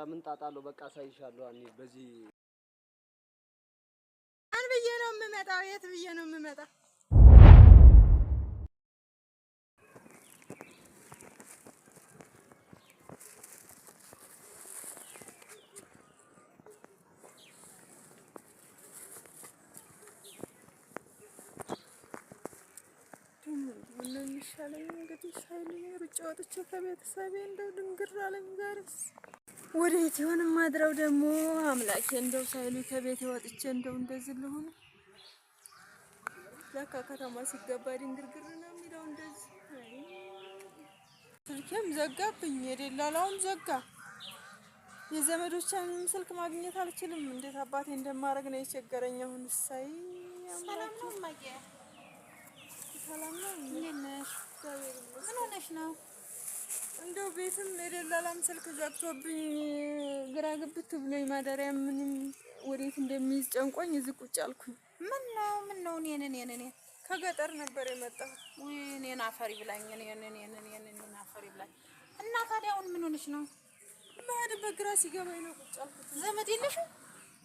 ኧረ ምን ጣጣ አለው? በቃ አሳይሻለሁ። እኔ በዚህ አን ብዬ ነው የምመጣው። የት ብዬ ነው የምመጣው? ምን ይሻለኝ እንግዲህ? ሻይልኝ ሩጫ ወጥቼ ከቤተሰቤ እንደው ድንግር አለኝ ዛሬስ ወዴት የት ይሆን ማድረው ደግሞ አምላኬ። እንደው ሳይሉ ከቤት ወጥቼ እንደው እንደዚህ ልሆን ለካ ከተማ ሲገባ ድንግርግር ነው የሚለው። እንደዚህ ስልኬም ዘጋብኝ፣ የደላላውም ዘጋ። የዘመዶቻንም ስልክ ማግኘት አልችልም። እንዴት አባቴ እንደማደርግ ነው የቸገረኝ። አሁን ሳይ ሰላም ነው። እማዬ ሰላም ነው። እንዴት ነሽ? ምን ሆነሽ ነው? እንደው ቤትም የደላላም ስልክ ዘግቶብኝ ግራ ግብት ብሎኝ ማደሪያ ምንም ወዴት እንደሚይዝ ጨንቆኝ እዚህ ቁጭ አልኩኝ። ምን ነው ምን ነው? እኔን እኔን ከገጠር ነበር የመጣሁት። እኔን አፈሪ ብላኝ እኔን እኔን እኔን አፈሪ ብላኝ እና ታዲያ አሁን ምን ሆነሽ ነው? በሄድበት ግራ ሲገባኝ ነው ቁጭ አልኩት። ዘመድ የለሽም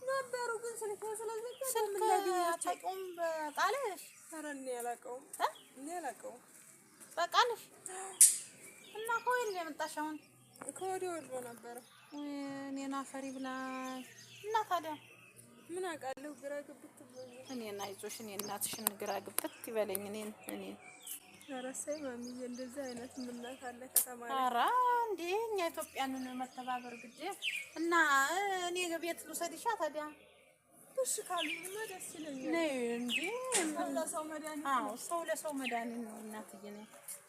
ነበሩ ግን ስልክ ስለዘጋ ስልክ አታውቂውም? በቃልሽ? ኧረ እኔ አላውቀውም እኔ አላውቀውም በቃልሽ እና ከወይል ነው የመጣሽ? አሁን ከወዲያ ወልዶ ነበረ እኔን አፈሪ ብላኝ እና ታዲያ ምን አውቃለሁ፣ ግራ ግብት እኔ እና አይዞሽ፣ እኔ እናትሽን ግራ ግብት ይበለኝ። እኔ እኔ ኧረ ሰይ ማሚዬ፣ እንደዚህ አይነት ምናት አለ ከተማ ላይ? ኧረ እንዴ እኛ ኢትዮጵያንን መተባበር ግዴ እና እኔ ቤት ልውሰድሻ ታዲያ እሺ ካሉኝማ ደስ ይለኛል። ነይ እንጂ ሰው ለሰው መድኃኒት ነው እናትዬ ነው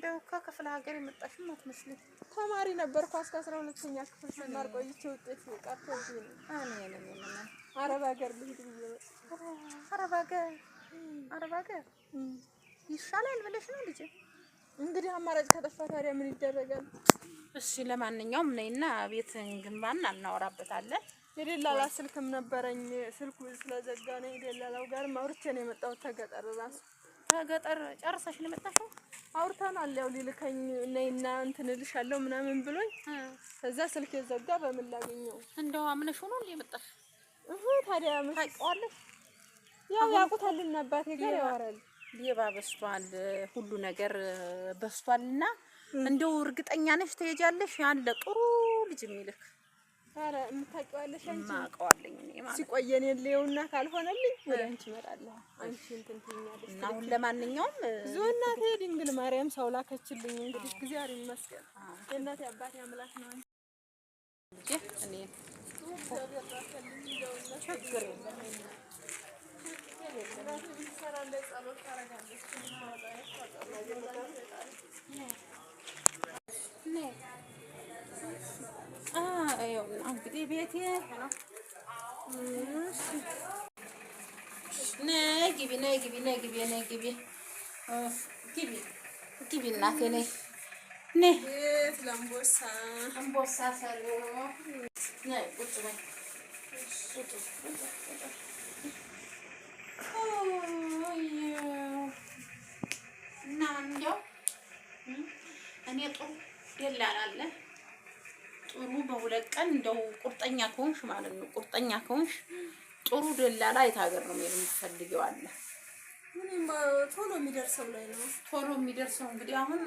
እንደውካ ከክፍለ ሀገር የመጣሽም አትመስልም። ተማሪ ነበርኩ እስከ አስራ ሁለተኛ ክፍል ስማር ቆይቼ ውጤት ቀርቶ አረብ ሀገር ልሂድ ብዬ አረብ ሀገር አረብ ሀገር ይሻላል ብለሽ ነው ልጄ? እንግዲህ አማራጭ ከጠፋ ታዲያ ምን ይደረጋል? እሺ ለማንኛውም ነይና ቤት ግንባና እናወራበታለን። የደላላ ስልክም ነበረኝ ስልኩ ስለዘጋ ነው የደላላው ጋር አውርቼ ነው የመጣሁት ተገጠር እራሱ ከገጠር ጨርሰሽ ነው የመጣሽው? አውርተናል። ያው ሊልከኝ ነይና እንትን እልሻለሁ ምናምን ብሎኝ ከዛ ስልክ የዘጋ በምን ላገኘው። እንደው አምነሽ ሆኖ ነው የመጣሽ? እሁ ታዲያ ምን መስቀዋለሽ። ያው ያውቁታልና አባቴ ጋር ያወራል። ሌባ በስቷል፣ ሁሉ ነገር በስቷልና እንደው እርግጠኛ ነሽ ትሄጃለሽ? ያለ ጥሩ ልጅ የሚልክ ኧረ የምታውቂዋለሽ አንቺ? የማውቀዋለኝ እኔ ማለት ሲቆይ እኔን ልየውና ካልሆነልኝ ወደ አንቺ እመጣለሁ። አንቺ እንትን ትይኛለሽ እና አሁን ለማንኛውም ዞና ድንግል ማርያም ሰው ላከችልኝ። እንግዲህ እግዚአብሔር ይመስገን። የእናቴ አባቴ አምላክ ነው እንጂ እኔ ችግር የለም Cumhuriyeti'ye. Ne gibi ne gibi ne gibi ne gibi. Of gibi. Gibi nake ne. Ne? Evet lambosa. Lambosa salo. Ne bu tuma. Sutu. Oh yeah. Nando. Hani yatırım. Yerler alle. ጥሩ በሁለት ቀን እንደው ቁርጠኛ ከሆንሽ ማለት ነው። ቁርጠኛ ከሆንሽ ጥሩ ደላላ የት ሀገር ነው የምትፈልጊው? አለ ቶሎ የሚደርሰው ላይ ነው። ቶሎ የሚደርሰው እንግዲህ አሁን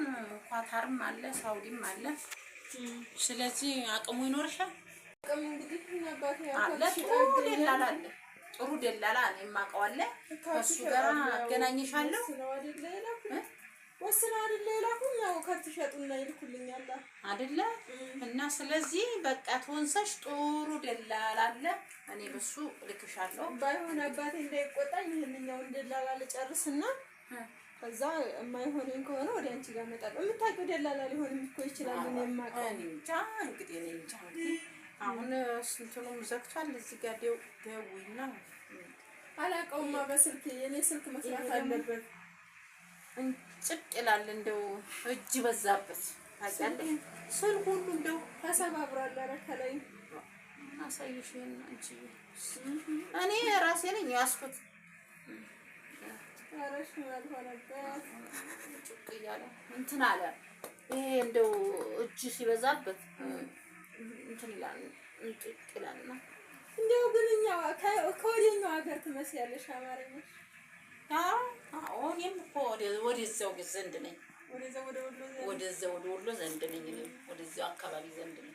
ኳታርም አለ ሳውዲም አለ። ስለዚህ አቅሙ ይኖርሻል። ጥሩ ደላላ እኔም አውቀዋለሁ። ከእሱ ጋር አገናኘሻለሁ። ወስና አይደለ የላኩኝ። ያው ከብት ይልኩልኛል አይደለ እና ስለዚህ በቃ ትወንሰሽ ጥሩ ደላላ አለ። እኔ በሱ ልክሻለሁ። ባይሆን አባቴ እንዳይቆጣኝ ይህንኛውን ደላላ ልጨርስና ከዛ የማይሆነኝ ከሆነ ወደ አንቺ ጋር እመጣለሁ። የምታውቂው ደላላ ሊሆን እኮ ይችላል። እኔ የማውቀው እኔ እንጃ እንግዲህ እኔ እንጃ አሁን ስንቱንም ዘግቷል። እዚህ ጋር ደውይና አላውቀውማ በስልክ የኔ ስልክ መስራት አለበት ጭቅ ይላል። እንደው እጅ በዛበት ስል ሁሉ እንደው ተሰባብሯል። ኧረ ከላይ አሳየሽ። እኔ ራሴ ነኝ ያስኩት። ጭቅ እያለ እንትን አለ። ይሄ እንደው እጅ ሲበዛበት እንትን ይላል፣ ጭቅ ይላል። እንደው ግን እኛው ከወዲኛው ሀገር ትመስያለሽ አማርኛሽ እኔም እኮ ዘንድ ነኝ፣ ወደዚያው ወደ ወሎ ዘንድ ነኝ፣ ወደዚያው አካባቢ ዘንድ ነኝ።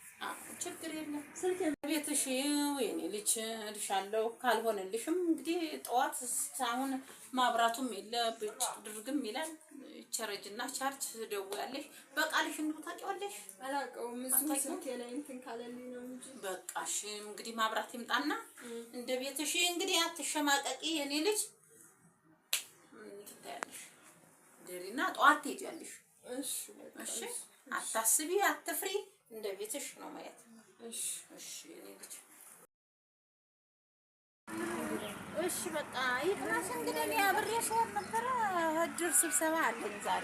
ችግር የለም። ቤትሽ የኔ ልጅ እልሻለሁ። ካልሆነልሽም እንግዲህ ጠዋት አሁን ማብራቱም የለ ብጭ ድርግም ይላል። ቸረጅ እና ቻርጅ ትደውያለሽ። በቃልሽ እንዱ ታውቂዋለሽ። በቃሽ እንግዲህ ማብራት ይምጣና እንደ ቤትሽ እንግዲህ አትሸማቀቂ የኔ ልጅ ትታያለሽ። ደሪና ጠዋት ትሄጃለሽ። እሺ አታስቢ፣ አትፍሪ እንደ ቤትሽ ነው ማየት። እሺ፣ እሺ፣ እኔ ልጅ እሺ፣ በቃ ይቅናሽ። እንግዲህ እኔ አብሬሽ ነበረ እድር ስብሰባ አለኝ ዛሬ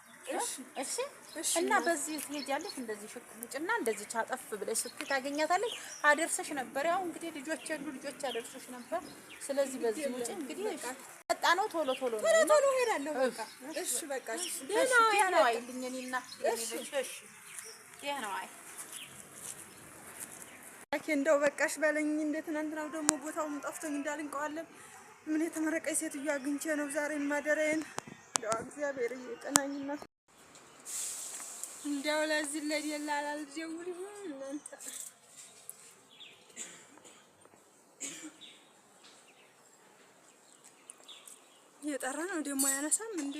እሺ እና በዚህ ትሄጃለሽ፣ እንደዚህ ሽቅ ውጭና እንደዚህ ቻጠፍ ብለሽ ስትይ ታገኛታለሽ። አደርሰሽ ነበር። ያው እንግዲህ ልጆች ያሉ ልጆች አደርሰሽ ነበር። ስለዚህ በዚህ ውጭ እንግዲህ ጠጣ ነው። ቶሎ ቶሎ ነው ቶሎ ቶሎ ሄዳለሁ። በቃ እሺ፣ በቃ እሺ። ደህና ያለው አይልኝ እኔና እሺ፣ እሺ፣ ደህና አይ ያኬ እንደው በቃሽ በለኝ። እንደ ትናንትናው ደግሞ ቦታውም ጠፍቶኝ እንዳልንቀዋለን ምን የተመረቀኝ ሴትዮ አግኝቼ ነው ዛሬን ማደረን። እንደው እግዚአብሔር እየቀናኝና እንዲያው ለዚህ ለደላላ አልደውል ይሆን እናንተ? እየጠራ ነው ደግሞ አያነሳም እንዴ?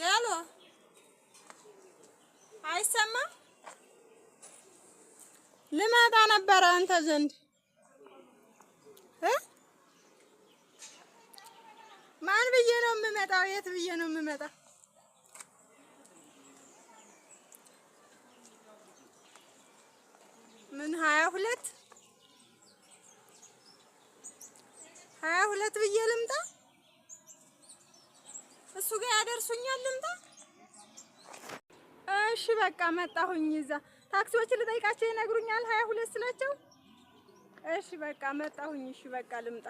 ሄሎ አይሰማም። ልመጣ ነበረ አንተ ዘንድ ማን ብዬ ነው የምመጣው? የት ብዬ ነው የምመጣው? ምን ሀያ ሁለት ሀያ ሁለት ብዬ ልምጣ? እሱ ጋር ያደርሱኛል? ልምጣ? እሺ በቃ መጣሁኝ። ይዛ ታክሲዎችን ልጠይቃቸው ይነግሩኛል። ሀያ ሁለት ስላቸው እሺ በቃ መጣሁኝ። እሺ በቃ ልምጣ።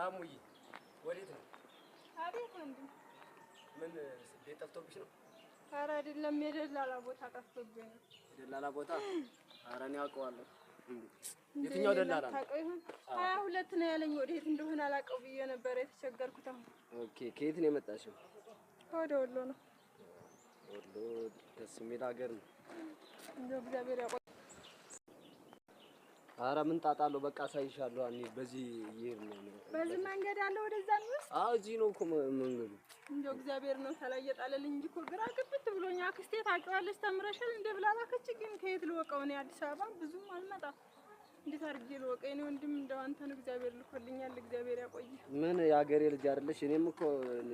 አሙዬ ወዴት ነው? አቤት ወንድም። ምን ቤት ጠፍቶብሽ ነው? ኧረ አይደለም፣ የደላላ ቦታ ጠፍቶብኝ ነው። የደላላ ቦታ? ኧረ እኔ አውቀዋለሁ። የትኛው ደላላ ነው? ሀያ ሁለት ነው ያለኝ። ወዴት እንደሆነ አላውቀው ብዬ ነበረ የተቸገርኩት። አሁን ኦኬ። ከየት ነው የመጣሽው? ወደ ወሎ ነው። ወሎ ደስ የሚል ሀገር ነው። እንደው እግዚአብሔር ያቆ አረ ምን ጣጣ አለው? በቃ ሳይሻለሁ። እኔ በዚህ ይሄ ነው በዚህ መንገድ አለ ወደዛ ነው። አዎ እዚህ ነው እኮ መንገዱ። እንደው እግዚአብሔር ነው ሰላየ ጣለልኝ እንጂ እኮ ግራ ግብት ብሎኛ። አክስቴ ታውቂዋለሽ፣ ተምረሻል እንደ ብላላከች። ግን ከየት ልወቀው? እኔ አዲስ አበባ ብዙም አልመጣም። እንዴት አድርጌ ልወቀው? እኔ ወንድም እንደው አንተን እግዚአብሔር ልኮልኛል። እግዚአብሔር ያቆይ። ምን የአገሬ ልጅ አይደለሽ? እኔም እኮ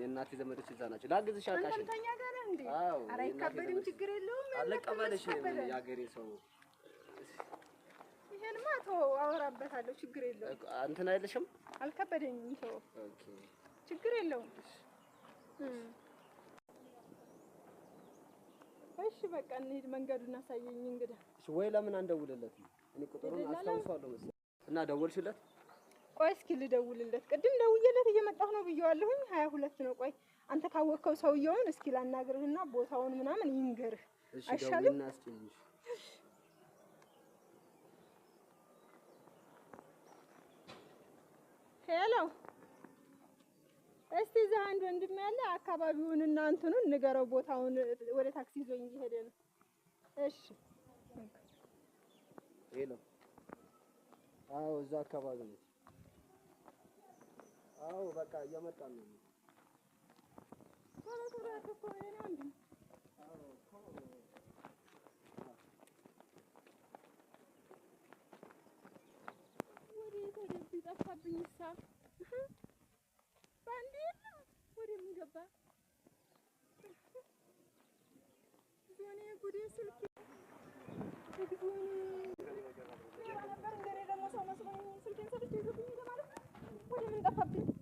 የእናቴ ዘመዶች እዛ ናቸው። ላግዝሽ አልቃሽ። አንተኛ ጋር እንዴ? አዎ። አረ አይከበድም፣ ችግር የለውም። አለቀበለሽ የአገሬ ሰው ይሄንማ ተወው፣ አወራበታለሁ። ችግር የለውም። እንትን አይልሽም፣ አልከበደኝም። ተወው፣ ችግር የለውም። እሺ በቃ እንሂድ። መንገዱን አሳየኝ እንግዳ። ወይ ለምን አንደውልለት እኔ ቁጥሩን አስታውሳለሁ መሰለኝ። እና ደወልሽለት? ቆይ እስኪ ልደውልለት። ቅድም ደውዬለት እየመጣሁ ነው ብየዋለሁኝ። ሀያ ሁለት ነው። ቆይ አንተ ካወቅከው ሰውየውን እስኪ ላናግርህና ቦታውን ምናምን ይንገርህ አይሻልም? ነው። እስቲ እዛ አንድ ወንድም ያለ አካባቢውን እና እንትኑን ንገረው፣ ቦታውን ወደ ታክሲ ይዞኝ እየሄደ ነው። እሺ ሄሎ፣ አዎ፣ እዛ አካባቢ ነው። አዎ፣ በቃ እየመጣ ነው። ቶሎ ቶሎ አድርጎ ወደ ነው buraya sürükle. Hadi buyurun. Merhaba, ben de Ramos o l m e s ı Bunun Sürüklerini Sarıcı'yı Bunun da v a o Buyurun da tabii.